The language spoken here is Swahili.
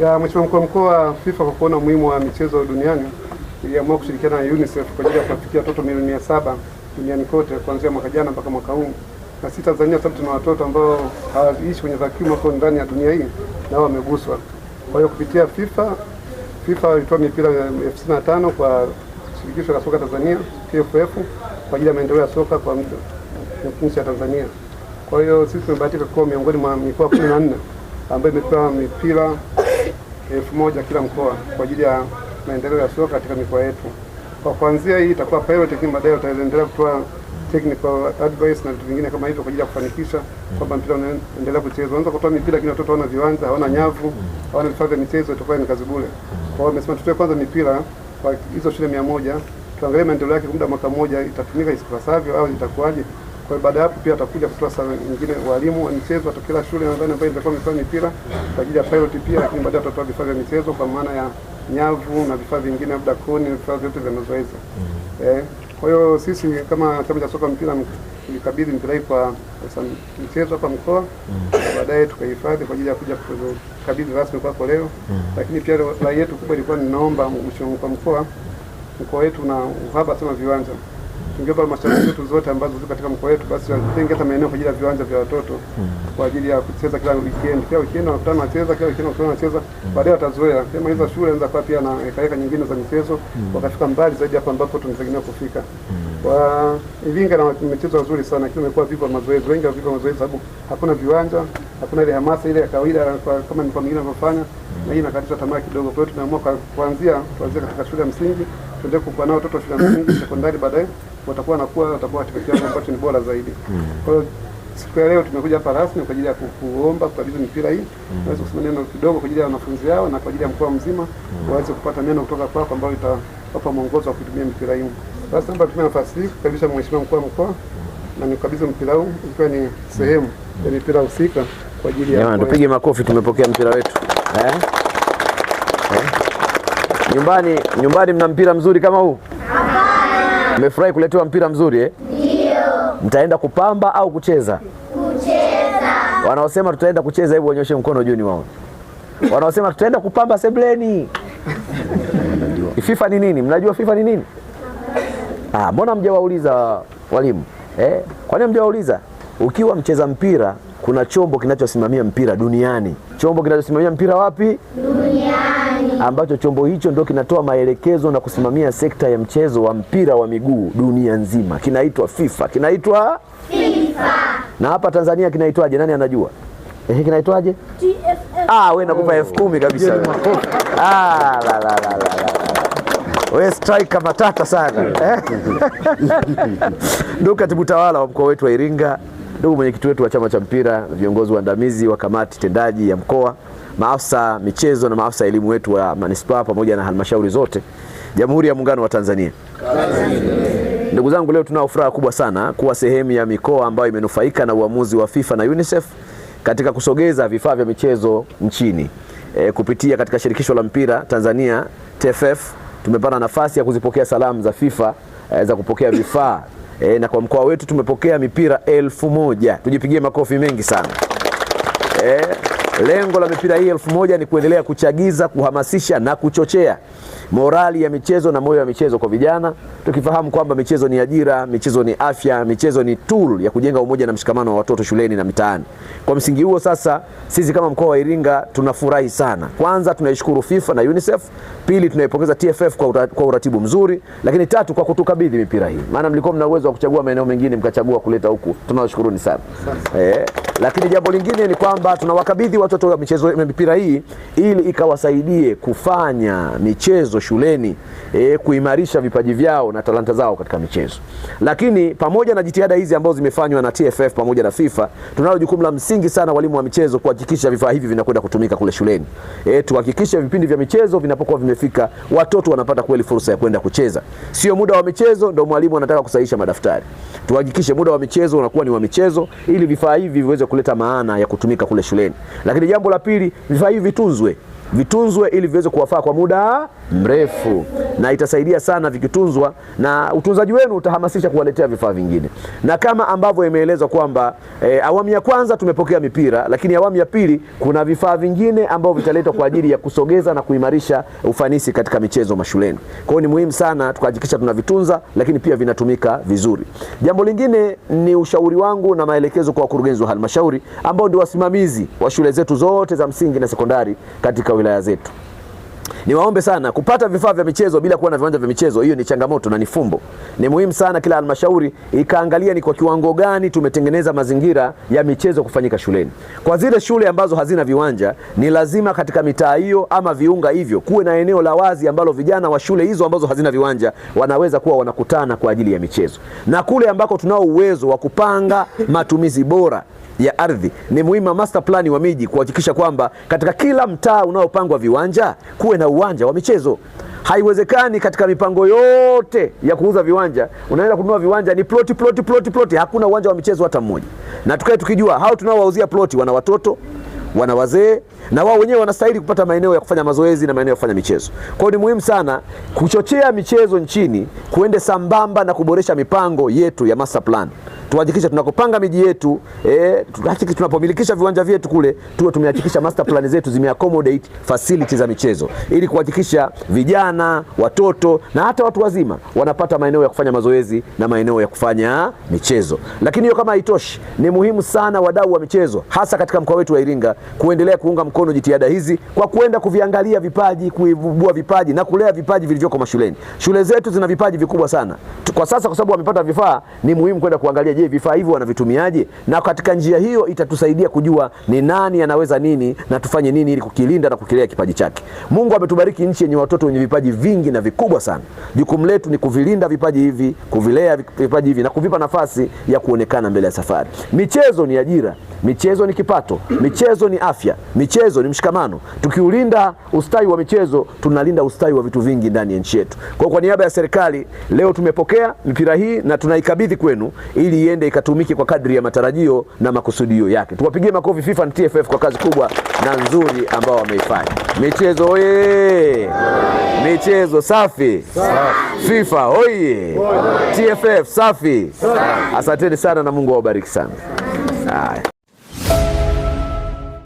ya Mheshimiwa mkuu wa mkoa, FIFA kwa kuona umuhimu wa michezo duniani iliamua kushirikiana na UNICEF kwa ajili ya kuwafikia watoto milioni mia saba duniani kote kuanzia mwaka jana mpaka mwaka huu, na sisi Tanzania sababu tuna watoto ambao hawaishi kwenye vacuum wako ndani ya dunia hii nao wameguswa. Kwa hiyo kupitia FIFA, FIFA walitoa mipira elfu sitini na tano kwa shirikisho la soka Tanzania TFF kwa ajili ya maendeleo ya soka kwa nchi ya Tanzania. Kwa hiyo sisi tumebahatika kuwa miongoni mwa mikoa kumi na nne ambayo imepewa mipira elfu moja kila mkoa kwa ajili ya maendeleo ya soka katika mikoa yetu. Kwa kuanzia hii itakuwa pilot, lakini baadaye tutaendelea kutoa technical advice na vitu vingine kama hivyo kwa ajili ya kufanikisha kwamba mpira unaendelea kuchezwa. Unaweza kutoa mipira lakini watoto hawana viwanja, hawana nyavu, hawana vifaa vya michezo, itakuwa ni kazi bure. Kwa hiyo amesema tutoe kwanza mipira kwa hizo shule mia moja, tuangalie maendeleo yake, muda mwaka mmoja itatumika isipasavyo au itakuwaje? Kwa hiyo baada ya hapo pia atakuja kutoa saa nyingine walimu wa michezo watoka kila shule nadhani ambayo ilikuwa imefanya mipira kwa ajili ya pilot pia, lakini baadaye atatoa vifaa vya michezo kwa maana ya nyavu na vifaa vingine labda koni na vifaa vyote vya mazoezi. Mm-hmm. Eh, kwa hiyo sisi kama chama cha soka mpira tulikabidhi mpira hii kwa michezo hapa mkoa, mm-hmm. baadaye tukahifadhi kwa ajili ya kuja kukabidhi rasmi kwako leo. Mm-hmm. Lakini pia rai yetu kubwa ilikuwa ninaomba kwa mkoa, mkoa wetu na uhaba sana viwanja tungeomba halmashauri zetu zote ambazo ziko katika mkoa wetu, basi watenge hata maeneo kwa ajili ya viwanja vya watoto mm. kwa ajili ya kucheza kila weekend, kila weekend wanakutana wanacheza, kila weekend wanakutana wanacheza, mm. baadaye watazoea. Kama hizo shule anaweza kuwa pia na hekaheka nyingine za michezo, mm. wakafika mbali zaidi hapo ambapo tunategemea kufika. Kwa Ivinga na michezo nzuri sana, lakini imekuwa vipo mazoezi, wengi wavipo mazoezi sababu hakuna viwanja, hakuna ile hamasa ile ya kawaida kama mikoa mingine anavyofanya na hii inakatisha tamaa kidogo. Kwa hiyo tumeamua kuanzia kuanzia katika shule ya msingi, tuendelee kukua nao watoto wa shule ya msingi, sekondari, baadaye watakuwa nakuwa watakuwa katika kiwango ambacho ni bora zaidi. Hmm. Kwa hiyo siku ya leo tumekuja hapa rasmi kwa ajili ya kuomba kukabidhi mipira hii, hmm. naweza kusema neno kidogo kwa ajili ya wanafunzi hao na kwa ajili ya mkoa mzima hmm. waweze kupata neno kutoka kwako ambayo itawapa mwongozo wa kutumia mipira hii. Basi naomba tumia nafasi hii kukaribisha Mheshimiwa mkuu wa mkoa na nikabidhi mpira huu ikiwa ni sehemu ya mipira husika kwa ajili ya Jamani, tupige makofi, tumepokea mpira wetu eh? Eh? Nyumbani, nyumbani mna mpira mzuri kama huu? Mmefurahi kuletewa mpira mzuri eh? Ndio. Mtaenda kupamba au kucheza? Kucheza. Wanaosema tutaenda kucheza, hebu wanyoshe mkono juu wao Wanaosema tutaenda kupamba sebleni. FIFA ni nini? Mnajua FIFA ni nini? Ah, mbona mjawauliza walimu eh? nini mjawauliza? Ukiwa mcheza mpira kuna chombo kinachosimamia mpira duniani. Chombo kinachosimamia mpira wapi? Duniani ambacho chombo hicho ndio kinatoa maelekezo na kusimamia sekta ya mchezo wa mpira wa miguu dunia nzima. Kinaitwa FIFA, kinaitwa FIFA. Na hapa Tanzania kinaitwaje? Nani anajua? Ehe, kinaitwaje? Ah, wewe nakupa elfu oh. kumi kabisa. Ah, la, la, la, la. We striker matata sana eh? ndugu katibu tawala wa mkoa wetu wa Iringa, ndugu mwenyekiti wetu wa chama cha mpira na viongozi waandamizi wa kamati tendaji ya mkoa maafisa michezo na maafisa elimu wetu wa manispaa pamoja na halmashauri zote Jamhuri ya Muungano wa Tanzania. Ndugu zangu, leo tunao furaha kubwa sana kuwa sehemu ya mikoa ambayo imenufaika na uamuzi wa FIFA na UNICEF katika kusogeza vifaa vya michezo nchini e, kupitia katika shirikisho la mpira Tanzania TFF tumepata nafasi ya kuzipokea salamu za FIFA e, za kupokea vifaa e, na kwa mkoa wetu tumepokea mipira elfu moja. Tujipigie makofi mengi sana e, Lengo la mipira hii elfu moja ni kuendelea kuchagiza, kuhamasisha na kuchochea morali ya michezo na moyo wa michezo kwa vijana, tukifahamu kwamba michezo ni ajira, michezo ni afya, michezo ni tool ya kujenga umoja na mshikamano wa watoto shuleni na mitaani. Kwa msingi huo sasa, sisi kama mkoa wa Iringa tunafurahi sana. Kwanza tunaishukuru FIFA na UNICEF, pili tunaipongeza TFF kwa uratibu mzuri, lakini tatu kwa kutukabidhi mipira hii, maana mlikuwa mna uwezo wa kuchagua maeneo mengine mkachagua kuleta huku. Tunawashukuruni sana eh. Lakini jambo lingine ni kwamba tunawakabidhi watoto wa michezo ya eh, mipira hii ili ikawasaidie kufanya michezo shuleni e, kuimarisha vipaji vyao na talanta zao katika michezo. Lakini pamoja na jitihada hizi ambazo zimefanywa na TFF pamoja na FIFA, tunalo jukumu la msingi sana walimu wa michezo kuhakikisha vifaa hivi vinakwenda kutumika kule shuleni. E, tuhakikishe vipindi vya michezo vinapokuwa vimefika, watoto wanapata kweli fursa ya kwenda kucheza. Sio muda wa michezo ndio mwalimu anataka kusahihisha madaftari. Tuhakikishe muda wa michezo unakuwa ni wa michezo ili vifaa hivi viweze kuleta maana ya kutumika kule shuleni. Lakini jambo la pili, vifaa hivi vitunzwe vitunzwe ili viweze kuwafaa kwa muda mrefu, na itasaidia sana vikitunzwa, na utunzaji wenu utahamasisha kuwaletea vifaa vingine. Na kama ambavyo imeelezwa kwamba e, awamu ya kwanza tumepokea mipira, lakini awamu ya pili kuna vifaa vingine ambavyo vitaletwa kwa ajili ya kusogeza na kuimarisha ufanisi katika michezo mashuleni. Kwa hiyo ni muhimu sana tukahakikisha tunavitunza, lakini pia vinatumika vizuri. Jambo lingine ni ushauri wangu na maelekezo kwa wakurugenzi wa halmashauri ambao ndio wasimamizi wa shule zetu zote za msingi na sekondari katika wilaya zetu. Niwaombe sana kupata vifaa vya michezo bila kuwa na viwanja vya michezo, hiyo ni changamoto na ni fumbo. Ni muhimu sana kila halmashauri ikaangalia ni kwa kiwango gani tumetengeneza mazingira ya michezo kufanyika shuleni. Kwa zile shule ambazo hazina viwanja, ni lazima katika mitaa hiyo ama viunga hivyo kuwe na eneo la wazi ambalo vijana wa shule hizo ambazo hazina viwanja wanaweza kuwa wanakutana kwa ajili ya michezo, na kule ambako tunao uwezo wa kupanga matumizi bora ya ardhi, ni muhimu master plan wa miji kuhakikisha kwamba katika kila mtaa unaopangwa viwanja kuwe na uwanja wa michezo. Haiwezekani katika mipango yote ya kuuza viwanja, unaenda kununua viwanja ni ploti, ploti, ploti, ploti, hakuna uwanja wa michezo hata mmoja. Na tukae tukijua hao tunaowauzia ploti wana watoto wana wazee na wao wenyewe wanastahili kupata maeneo ya kufanya mazoezi na maeneo ya kufanya michezo. Kwa hiyo ni muhimu sana kuchochea michezo nchini kuende sambamba na kuboresha mipango yetu ya master plan tuhakikishe tunakopanga miji yetu eh, tuhakikishe tunapomilikisha viwanja vyetu kule tuwe tumehakikisha master plan zetu zime accommodate facilities za michezo ili kuhakikisha vijana, watoto na hata watu wazima wanapata maeneo ya kufanya mazoezi na maeneo ya kufanya michezo. Lakini hiyo kama haitoshi, ni muhimu sana wadau wa michezo hasa katika mkoa wetu wa Iringa kuendelea kuunga mkono jitihada hizi kwa kuenda kuviangalia vipaji, kuibua vipaji na kulea vipaji vilivyoko mashuleni. Shule zetu zina vipaji vikubwa sana kwa sasa, kwa sababu wamepata vifaa, ni muhimu kwenda kuangalia je, vifaa hivyo wanavitumiaje? Na katika njia hiyo itatusaidia kujua ni nani anaweza nini na tufanye nini ili kukilinda na kukilea kipaji chake. Mungu ametubariki nchi yenye watoto wenye vipaji vingi na vikubwa sana. Jukumu letu ni kuvilinda vipaji hivi, kuvilea vipaji hivi na kuvipa nafasi ya kuonekana mbele ya safari. Michezo ni ajira, michezo ni kipato, michezo ni afya, michezo ni mshikamano. Tukiulinda ustawi wa michezo, tunalinda ustawi wa vitu vingi ndani ya nchi yetu. Kwa kwa niaba ya serikali leo tumepokea mipira hii na tunaikabidhi kwenu ili iende ikatumike kwa kadri ya matarajio na makusudio yake. Tuwapigie makofi FIFA na TFF kwa kazi kubwa na nzuri ambao wameifanya. Michezo oye! Michezo safi! FIFA oye! TFF safi! Asanteni sana na Mungu awabariki sana. Haya.